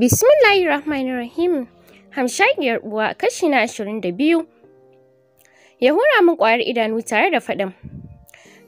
Bismillahir Rahmanir Rahim. Hamshagiyar uwa kashi na ashirin da biyu. Ya hura min ƙwayar idanu tare da faɗin.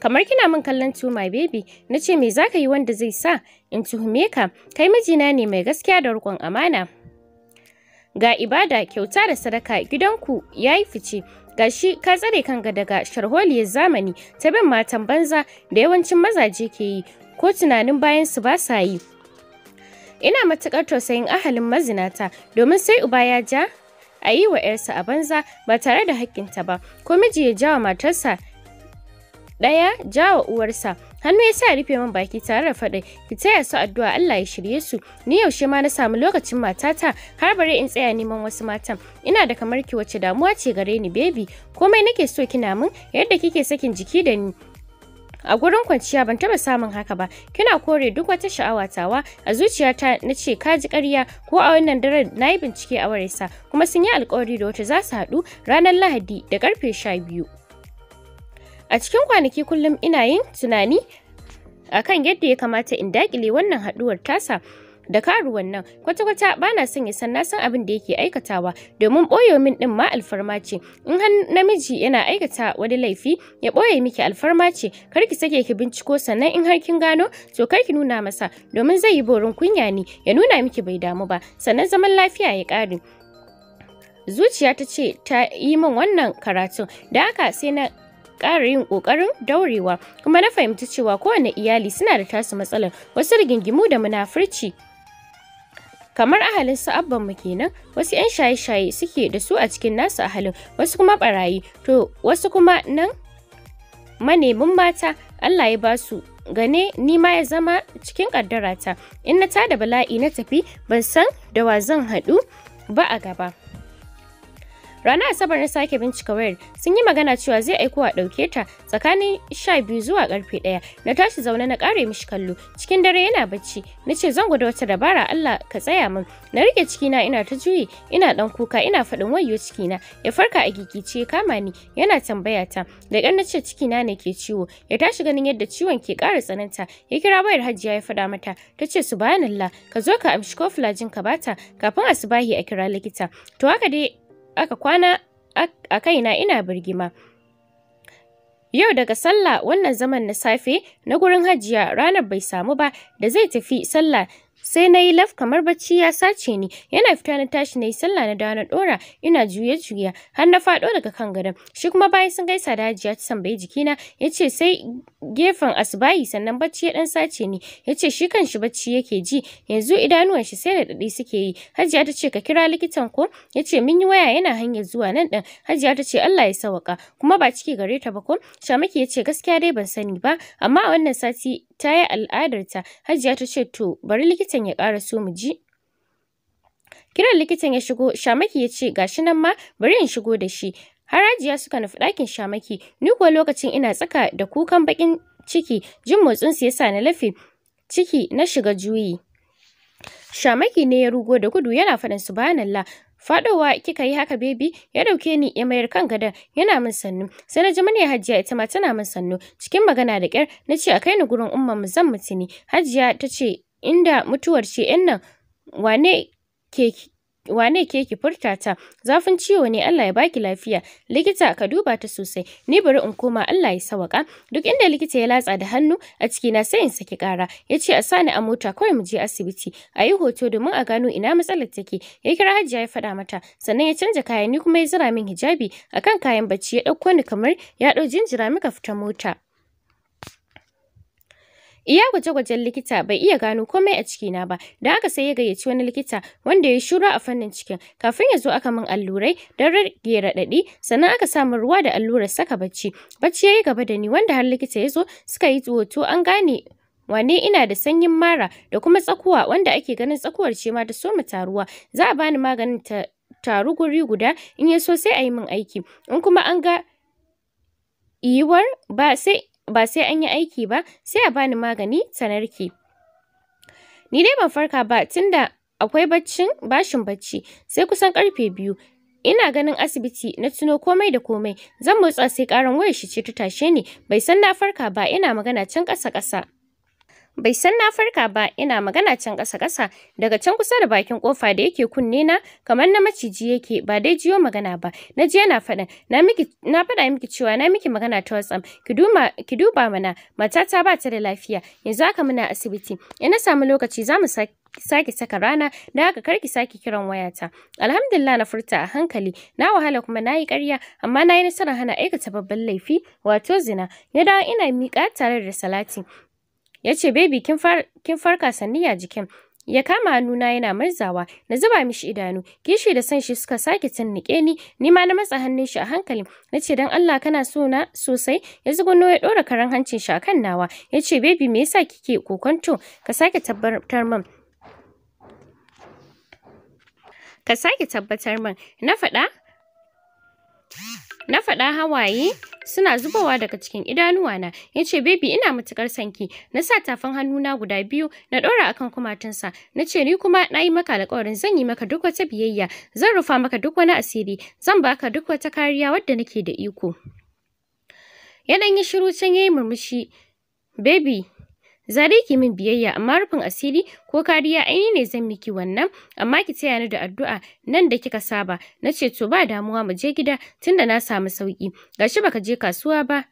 Kamar kina min kallon to my baby, na ce me za ka yi wanda zai sa in tuhume ka, kai mijina ne mai gaskiya da riƙon amana. Ga ibada, kyauta da sadaka gidanku ya yi fice, ga shi ka tsare kan kanka daga sharholiyar zamani ta bin matan banza da yawancin mazaje ke yi, ko tunanin bayan su ba sa yi. Ina matuƙar tausayin ahalin mazinata domin sai uba ya ja a yi wa 'yarsa a banza ba tare da haƙƙinta ba, ko miji ya jawa matarsa ɗaya jawa uwarsa. Hannu ya sa rufe min baki tare da faɗi, ki taya su addu'a Allah ya shirye su. Ni yaushe ma na samu lokacin matata har bare in tsaya neman wasu matan. Ina da kamar ki wace damuwa ce gare ni baby, komai nake so kina min yadda kike sakin jiki da ni. a gurin kwanciya ban taɓa samun haka ba kina kore duk wata sha'awa tawa a zuciyata na ce ka ji ƙarya ko a wannan daren na yi bincike a sa, kuma sun yi alkawari da wata za su haɗu ranar lahadi da karfe sha biyu a cikin kwanaki kullum ina yin tunani akan yadda ya kamata in dakile wannan haɗuwar tasa da karuwan nan kwata-kwata ba na son ya san na san abin da yake aikatawa domin boye min ɗin ma alfarma ce in har namiji yana aikata wani laifi ya ɓoye miki alfarma ce kar ki sake ki binciko sannan in har kin gano to kar ki nuna masa domin zai yi borin kunya ne ya nuna miki bai damu ba sannan zaman lafiya ya kare zuciya ta ce ta yi min wannan karatun da haka sai na ƙara yin ƙoƙarin daurewa kuma na fahimci cewa kowane iyali suna da tasu matsalar wasu rigingimu da munafurci kamar ahalin su abban mu kenan wasu yan shaye-shaye suke da su a cikin nasu ahalin wasu kuma barayi to wasu kuma nan manemin mata Allah ya ba su gane ni ma ya zama cikin kaddarata in na tada bala'i na tafi ban san da wa zan haɗu ba a gaba Ranar Asabar na sake bincika wayar sun yi magana cewa zai aiko a ɗauke ta tsakanin sha biyu zuwa karfe ɗaya na tashi zaune na ƙare mishi kallo cikin dare yana bacci na ce zan gwada wata dabara Allah ka tsaya min na rike cikina ina ta juyi ina ɗan kuka ina faɗin wayo cikina ya farka a gigice kama ni yana tambaya ta da ƙyar na ce cikina ne ke ciwo ya tashi ganin yadda ciwon ke ƙara tsananta ya kira wayar hajiya ya faɗa mata ta ce subhanallah ka zo ka amshi ko jin ka bata kafin asubahi a kira likita to haka dai aka kwana a kaina ina birgima. Yau daga sallah wannan zaman na safe na gurin hajiya ranar bai samu ba da zai tafi sallah sai na yi laf kamar bacci ya sace ni yana fita na tashi na yi sallah na dawo na dora ina juye juya har na faɗo daga kan gadon shi kuma bayan sun gaisa da hajiya ta tambayi jikina ya ce sai gefen asbayi sannan bacci ya dan sace ni ya ce shi kan shi bacci yake ji yanzu idanuwan shi sai da daɗi suke yi hajiya ta ce ka kira likitan ko ya ce mun yi waya yana hanyar zuwa nan ɗin hajiya ta ce Allah ya sawaka kuma ba ciki gare ta ba ko shamaki ya ce gaskiya dai ban sani ba amma a wannan sati ta yi al'adarta. Hajiya ta ce to bari likitan ya ƙara so mu ji. Kiran likitan ya shigo, Shamaki ya ce gashi nan ma bari in shigo da shi. Har Hajiya suka nufi ɗakin Shamaki, ni kuwa lokacin ina tsaka da kukan baƙin ciki, jin motsin su yasa na lafi ciki na shiga juyi. Shamaki ne ya rugo da gudu yana faɗin subhanallah Faɗowa kika yi haka bebi ya ɗauke ni ya mayar kan gadon yana min sannu sai na ji murya Hajiya ita ma tana min sannu cikin magana da kyar na ce a kai ni gurin umman mu zan mutuni Hajiya ta ce inda mutuwar ce yan nan wane ke wane ke ki furta ta zafin ciwo ne Allah ya baki lafiya likita ka duba ta sosai ni bari in koma Allah ya sawaka duk inda likita ya latsa da hannu a ciki na sai in saki kara yace a sani a mota kawai mu je asibiti a yi hoto domin a gano ina matsalar take ya kira Hajiya ya faɗa mata sannan ya canja kayan ni kuma ya zira min hijabi akan kayan bacci ya ɗauko ni kamar ya ɗau jinjira muka fita mota Iya gwaje-gwajen likita bai iya gano komai a cikina ba, da aka sai ya gayyaci wani likita wanda ya shura a fannin cikin. Kafin ya zo aka min allurai don rage raɗaɗi, sannan aka sa min ruwa da allurar saka bacci. Bacci ya yi gaba da ni wanda har likita ya zo suka yi hoto an gane wane ina da sanyin mara da kuma tsakuwa wanda ake ganin tsakuwar ce ma ta soma taruwa. Za a bani maganin ta taru guri guda in ya so sai a yi min aiki. In kuma an ga yiwuwar ba sai ba sai an yi aiki ba sai a bani magani sanarki ni dai ban farka ba tunda akwai baccin bashin bacci sai kusan karfe biyu ina ganin asibiti na tuno komai da komai zan motsa sai karan wayar shi ce ta tashe ni bai san na farka ba ina magana can ƙasa ƙasa Bai san na farka ba ina magana can ƙasa-ƙasa daga can kusa da bakin kofa da yake kunne na kamar na maciji yake ba dai jiyo magana ba. Na ji yana faɗin na miki na faɗa miki cewa na miki magana ta WhatsApp ki duba ki duba mana matata ba ta da lafiya yanzu aka muna asibiti. In na samu lokaci za mu sake saka rana da haka karki sake kiran wayata alhamdulillah na furta a hankali na wahala kuma nayi ƙarya amma na yi nasarar hana aikata babban laifi wato zina ya dawo ina miƙa tare da salati Ya ce, Baby, kin farka sanni a jikin. Ya kama hannuna yana marzawa na zuba mishi idanu, kishi da san shi suka sake tunnike ni, ni ma na matsa hannun shi a hankali. Na ce, don Allah kana so na sosai, ya zugunno ya ɗora karen hancin shi a kan nawa. Ya ce, Baby, me yasa kike kokonto? Ka sake tabbatar min. Ka sake tabbatar min. Na faɗa, Na faɗa hawaye suna zubowa daga cikin idanuwana ya ce baby ina matukar sanki na sa tafin hannuna guda biyu na ɗora akan kumatunsa na ce ni kuma na yi maka alƙawarin zan yi maka duk wata biyayya zan rufa maka duk wani asiri zan baka duk wata kariya wadda nake da iko ya ɗan yi shiru can ya yi murmushi baby zari ki min biyayya amma rufin asiri ko kariya aini ne zan miki wannan amma ki taya ni da addu'a nan da kika saba na ce to ba damuwa mu je gida tunda na samu sauki gashi baka je kasuwa ba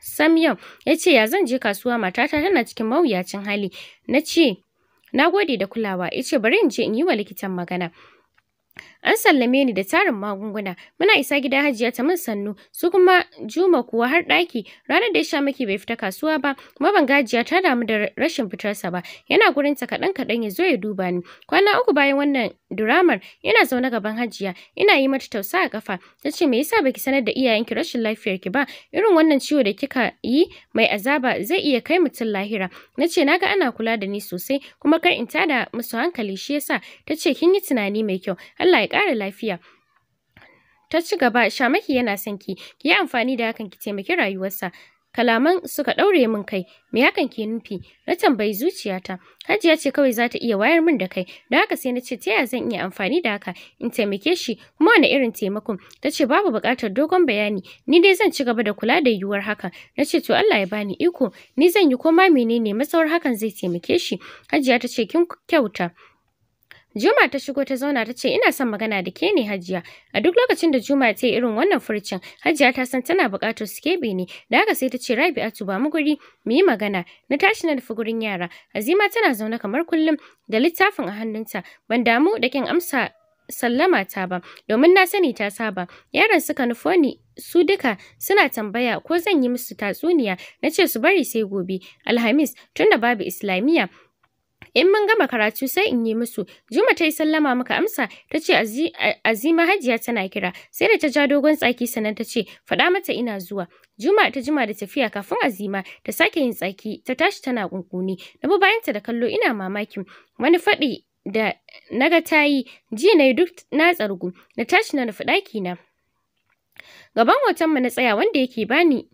Samyam ya ce ya zan je kasuwa matata tana cikin mawuyacin hali na ce na gode da kulawa ya ce bari in je in yi wa likitan magana An sallame ni da tarin magunguna. Muna isa gida Hajiya ta min sannu. Su kuma Juma kuwa har ɗaki. Ranar da ya sha miki bai fita kasuwa ba. Kuma ban gajiya ta damu da rashin fitarsa ba. Yana gurin ta kaɗan kaɗan ya zo ya duba ni. Kwana uku bayan wannan duramar ina zaune gaban Hajiya. Ina yi mata tausa a kafa. Ta ce me yasa baki sanar da iyayenki rashin lafiyar ki ba? Irin wannan ciwo da kika yi mai azaba zai iya kai mutum lahira. Na ce naga ana kula da ni sosai kuma kar in tada musu hankali shi yasa ta ce kin yi tunani mai kyau. Allah ya ƙara lafiya ta ci gaba shamaki yana son ki ki yi amfani da hakan ki taimaki rayuwarsa kalaman suka ɗaure min kai me hakan ke nufi na tambayi zuciyata hajiya ce kawai za ta iya wayar min da kai da haka sai na ce ta yaya zan iya amfani da haka in taimake shi kuma wani irin taimakon ta ce babu buƙatar dogon bayani ni dai zan ci gaba da kula da yiwuwar hakan na ce to Allah ya bani iko ni zan yi koma menene matsawar hakan zai taimake shi hajiya ta ce kin kyauta Juma ta shigo ta zauna ta ce ina son magana da ke ne Hajiya. A duk lokacin da Juma ta yi irin wannan furcin, Hajiya ta san tana buƙatar su kebe ne. Da haka sai ta ce Rabi'atu ba mu guri mu yi magana. Na tashi na nufi gurin yara. Azima tana zaune kamar kullum da littafin a hannunta. Ban damu da kin amsa sallama ta ba domin na sani ta saba yaran suka nufo ni su duka suna tambaya ko zan yi musu tatsuniya na ce su bari sai gobe alhamis tunda babu islamiyya in mun gama karatu sai in yi musu juma ta yi sallama muka amsa ta ce azima hajiya tana kira sai da ta ja dogon tsaki sannan ta ce faɗa mata ina zuwa Juma ta jima da tafiya kafin Azima ta sake yin tsaki ta tashi tana kunkuni na bu bayanta da kallo ina mamakin wani faɗi da naga ta yi ji na yi duk na tsargu na tashi na nufi ɗaki na gaban hoton mu na tsaya wanda yake bani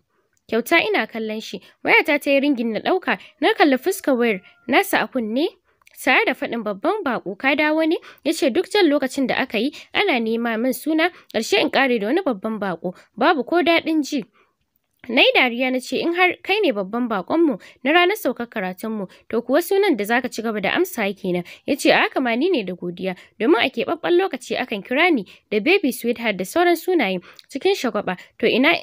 kyauta ina kallon shi wayata ta yi ringin na ɗauka na kalli fuskar wayar nasa a kunne Tare da faɗin babban baƙo ka dawo ne ya ce duk jan lokacin da aka yi ana nema min suna ƙarshe in ƙare da wani babban baƙo babu ko daɗin ji. Na yi dariya na ce in har kai ne babban baƙonmu na ranar saukar karatunmu to kuwa sunan da zaka ci gaba da amsa kenan ya ce a haka ma ni ne da godiya domin a keɓaɓɓen lokaci akan kira ni da baby sweetheart da sauran sunaye cikin shagwaba to ina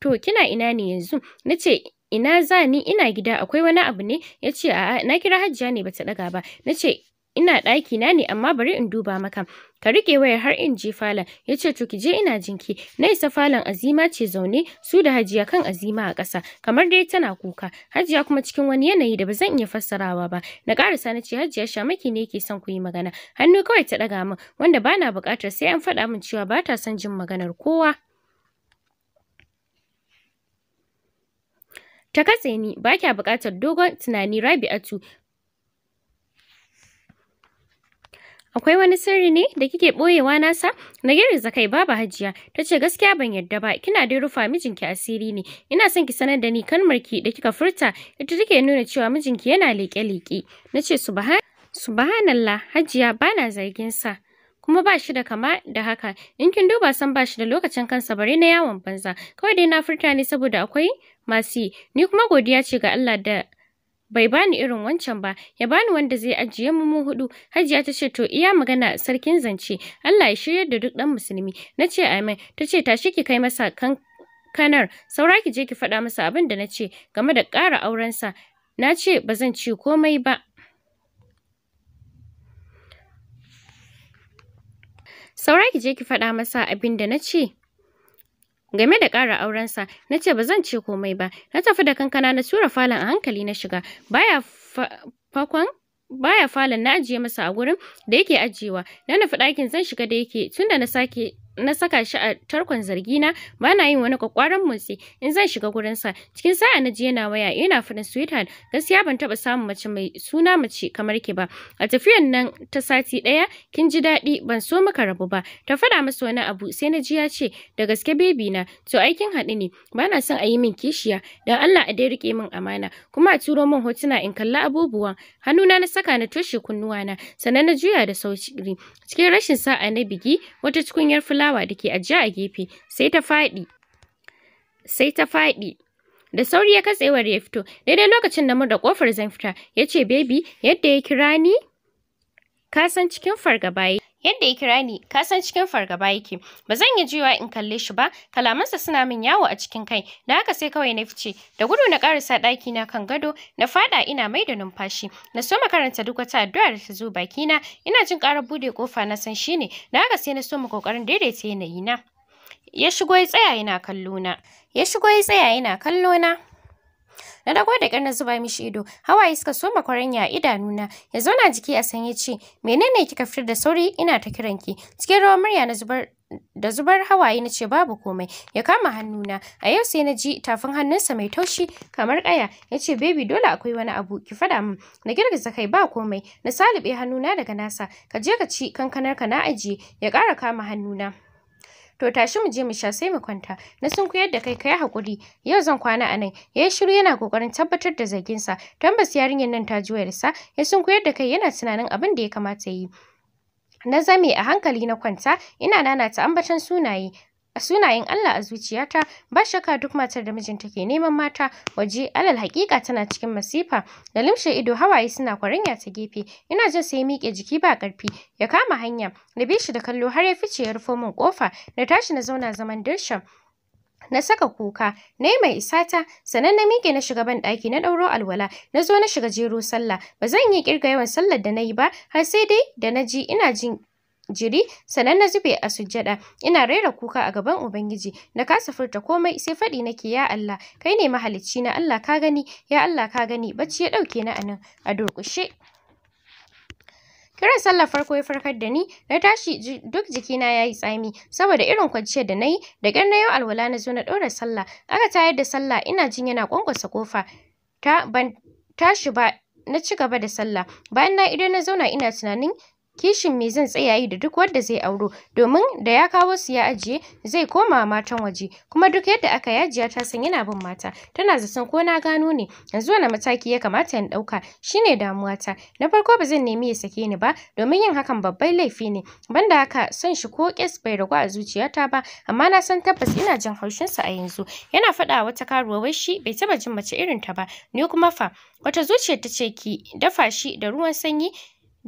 to kina ina ne yanzu na ce ina za ni ina gida akwai wani abu ne ya ce a'a na kira Hajiya ne bata daga ba na ce ina ɗaki na ne amma bari in duba maka ka rike wayar har in je falon ya ce to ki je ina jinki na isa falon azima ce zaune su da hajiya kan azima a ƙasa kamar dai tana kuka hajiya kuma cikin wani yanayi da ba zan iya fassarawa ba na ƙarasa na ce hajiya shamaki ne yake son ku yi magana hannu kawai ta ɗaga min wanda bana buƙatar sai an faɗa min cewa ba ta son jin maganar kowa Ta katse ni, ba kya buƙatar dogon tunani Rabi'atu. Akwai wani sirri ne da kike ɓoyewa nasa? Na girgiza kai baba Hajiya, ta ce gaskiya ban yarda ba, kina dai rufa mijinki asiri ne. Ina son ki sanar da ni kalmarki da kika furta, ita take nuna cewa mijinki yana leƙe-leƙe. Na ce subhanallah Hajiya bana zargin sa. kuma ba shi da kama da haka in kin duba san ba shi da lokacin kansa bare na yawon banza kawai dai na furta ne saboda akwai Masi, ni kuma godiya ce ga Allah da bai bani irin wancan ba ya bani wanda zai ajiye mu mu hudu hajiya ta ce to iya magana sarkin zance Allah ya shiryar da duk dan musulmi na ce amin ta ce tashi ki kai masa kan kanar saura ki je ki faɗa masa abin da na ce game da ƙara aurensa na ce ba zan ci komai ba saura ki je ki faɗa masa abin da na ce Game da ƙara aurensa, na ce ba zan ce komai ba, na tafi da kankana na tura falon a hankali na shiga, baya fakon baya falon na ajiye masa a gurin da yake ajiyewa, na nufi ɗakin zan shiga da yake tunda na sake na saka shi a tarkon na ba na yin wani kwakwaran motsi in zan shiga gurin sa cikin sa'a na ji yana waya yana fadin sweetheart gaskiya ban taba samun mace mai suna mace kamar ki ba a tafiyan nan ta sati daya kin ji daɗi ban so maka rabu ba ta faɗa masa wani abu sai na ji ya ce da gaske baby na to aikin haɗu ne ba na son a yi min kishiya dan Allah a dai rike min amana kuma a turo min hotuna in kalla abubuwan hannuna na saka na toshe kunnuwa na sannan na juya da sauri cikin rashin sa'a na bigi wata tukunyar fula fulawa da ke ajiye a gefe sai ta faɗi sai ta faɗi da sauri ya katsewar ya fito daidai lokacin da murda kofar zan fita ya ce baby yadda ya kira ni ka san cikin fargaba Yadda ya kira ni, ka san cikin fargaba yake. Ba zan yi juyawa in kalle shi ba, kalamansa suna min yawo a cikin kai. Da haka sai kawai na fice, da gudu na karasa ɗaki na kan gado, na fada ina mai da numfashi. Na so karanta duk wata addu'a da ta zo bakina, ina jin karar bude kofa na san shine. Da haka sai na so mu kokarin daidaita yanayi na. Ya shigo ya tsaya yana kallo na. Ya shigo ya tsaya yana kallo Na dago da ƙyar na zuba mishi ido, hawaye suka soma kwaranya a idanuna, ya zauna jiki a sanye ce, menene kika fitar da sauri ina ta kiranki, cikin rawar murya na zubar da zubar hawaye na ce babu komai ya kama hannuna a yau sai na ji tafin hannunsa mai taushi kamar ƙaya ya ce baby dole akwai wani abu ki fada min na girgiza kai ba komai na salibe hannuna daga nasa ka je ka ci kankanar ka na ajiye ya ƙara kama hannuna To tashi mu je mu sha sai mu kwanta. Na sunkuyar da kai kai hakuri. Yau zan kwana a nan. Ya yi shiru yana kokarin tabbatar da zargin sa. Tambas yarinyar nan ta ji sa? Ya sunkuyar da kai yana tunanin abin da ya kamata yi. Na zame a hankali na kwanta, ina nana ta ambatan sunaye, a sunayen Allah a zuciyata ba shakka duk matar da mijinta ke neman mata waje alal haƙiƙa tana cikin masifa da limshe ido hawaye suna kwaranya ta gefe ina jin sai miƙe jiki ba ƙarfi ya kama hanya na bi shi da kallo har ya fice ya rufo min ƙofa na tashi na zauna zaman dirshan na saka kuka na yi mai isata sannan na miƙe na shiga ban ɗaki na ɗauro alwala na zo na shiga jero sallah ba zan yi ƙirga yawan sallar da na yi ba har sai dai da na ji ina jin jiri sannan na zube a sujjada ina rera kuka a gaban ubangiji na kasa furta komai sai fadi nake ya Allah kai ne mahalicci na Allah ka gani ya Allah ka gani bacci ya dauke ni anan a durkushe Kiran sallar farko ya farkar da ni, na tashi duk jikina ya yi tsami, saboda irin kwanciyar da nayi da kyar na yau alwala na zo na ɗora sallah, aka tayar da sallah ina jin yana ƙwanƙwasa kofa ta ban tashi ba na ci gaba da sallah, bayan na idan na zauna ina tunanin kishin me zan tsaya yi da duk wanda zai auro domin da ya kawo su ya ajiye zai koma matan waje kuma duk yadda aka yajiya ta san yana bin mata tana zaton ko na gano ne yanzu wani mataki ya kamata in ɗauka shine damuwa ta na farko ba zan nemi ya sake ni ba domin yin hakan babban laifi ne banda haka son shi ko kes bai ragu a zuciyata ba amma na san tabbas ina jin haushin sa a yanzu yana faɗa wata karuwa wai shi bai taɓa jin mace irin ta ba ni kuma fa wata zuciyar ta ce ki dafa shi da ruwan sanyi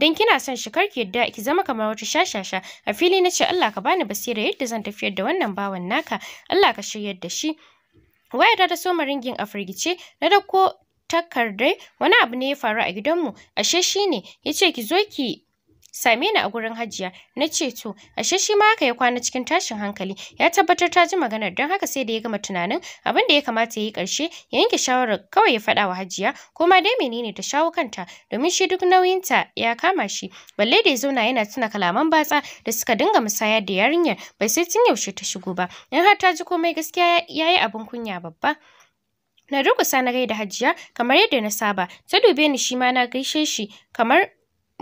dan kina son shi karki yadda ki zama kamar wata shashasha a fili na ce Allah ka bani basira yadda zan tafiyar da wannan bawan naka Allah ka shiryar da shi waya ta soma ringin a firgice na dauko takardai wani abu ne ya faru a gidanmu ashe shine yace ki zo ki same ni a gurin hajiya na ce to ashe shi ma haka ya kwana cikin tashin hankali ya tabbatar ta ji maganar don haka sai da ya gama tunanin abin da ya kamata ya yi karshe ya yanke shawarar kawai ya faɗa wa hajiya ko ma dai menene ta shawo kanta domin shi duk nauyin ta ya kama shi balle da ya zauna yana tuna kalaman batsa da suka dinga musaya da yarinyar bai sai tun yaushe ta shigo ba in har ta ji komai gaskiya ya yi abin kunya babba na durƙusa na gaida hajiya kamar yadda na saba ta dube ni shi ma na gaishe shi kamar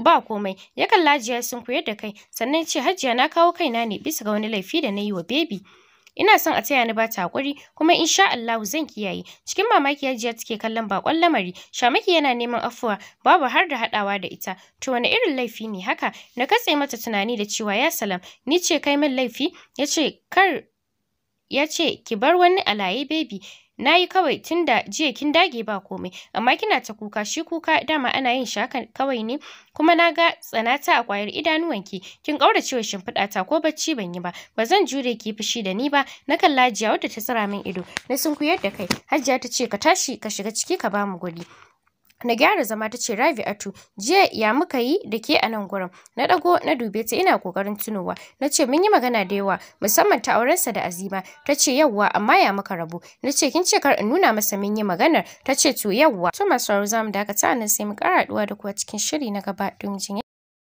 ba komai ya kalla hajiya sun koyar da kai sannan ce hajiya na kawo kaina ne bisa ga wani laifi da na yi wa bebi ina son a taya ni ba ta hakuri kuma insha Allahu zan kiyaye cikin mamaki hajiya take kallon bakon lamari shamaki yana neman afuwa babu har da hadawa da ita to wani irin laifi ne haka na katse mata tunani da cewa ya salam ni ce kai min laifi yace kar yace ki bar wani alaye bebi. Na yi kawai tun da jiya kin dage ba komai, amma kina ta kuka shi kuka dama ana yin shi haka kawai ne, kuma na ga tsanata a kwayar idanuwanki, kin ƙauracewa shimfiɗa ta ko bacci ban yi ba, ba zan jure ki fushi da ni ba, na kan lajiya wadda ta tsira min ido, na sunkuyar da kai, Hajiya ta ce ka tashi ka shiga ciki ka bamu guri. Na gyara zama ta ce Rabi'atu, jiya ya muka yi da ke a nan gurin. Na ɗago na dube ta ina ƙoƙarin tunowa. Na ce mun yi magana da yawa musamman ta aurensa da Azima. Ta ce yawwa amma ya muka rabu. Na ce kin ce kar in nuna masa mun yi maganar. Ta ce to yawwa. To masu zamu mu dakata nan sai mu ƙara haɗuwa da kuwa cikin shiri na gaba don jinya.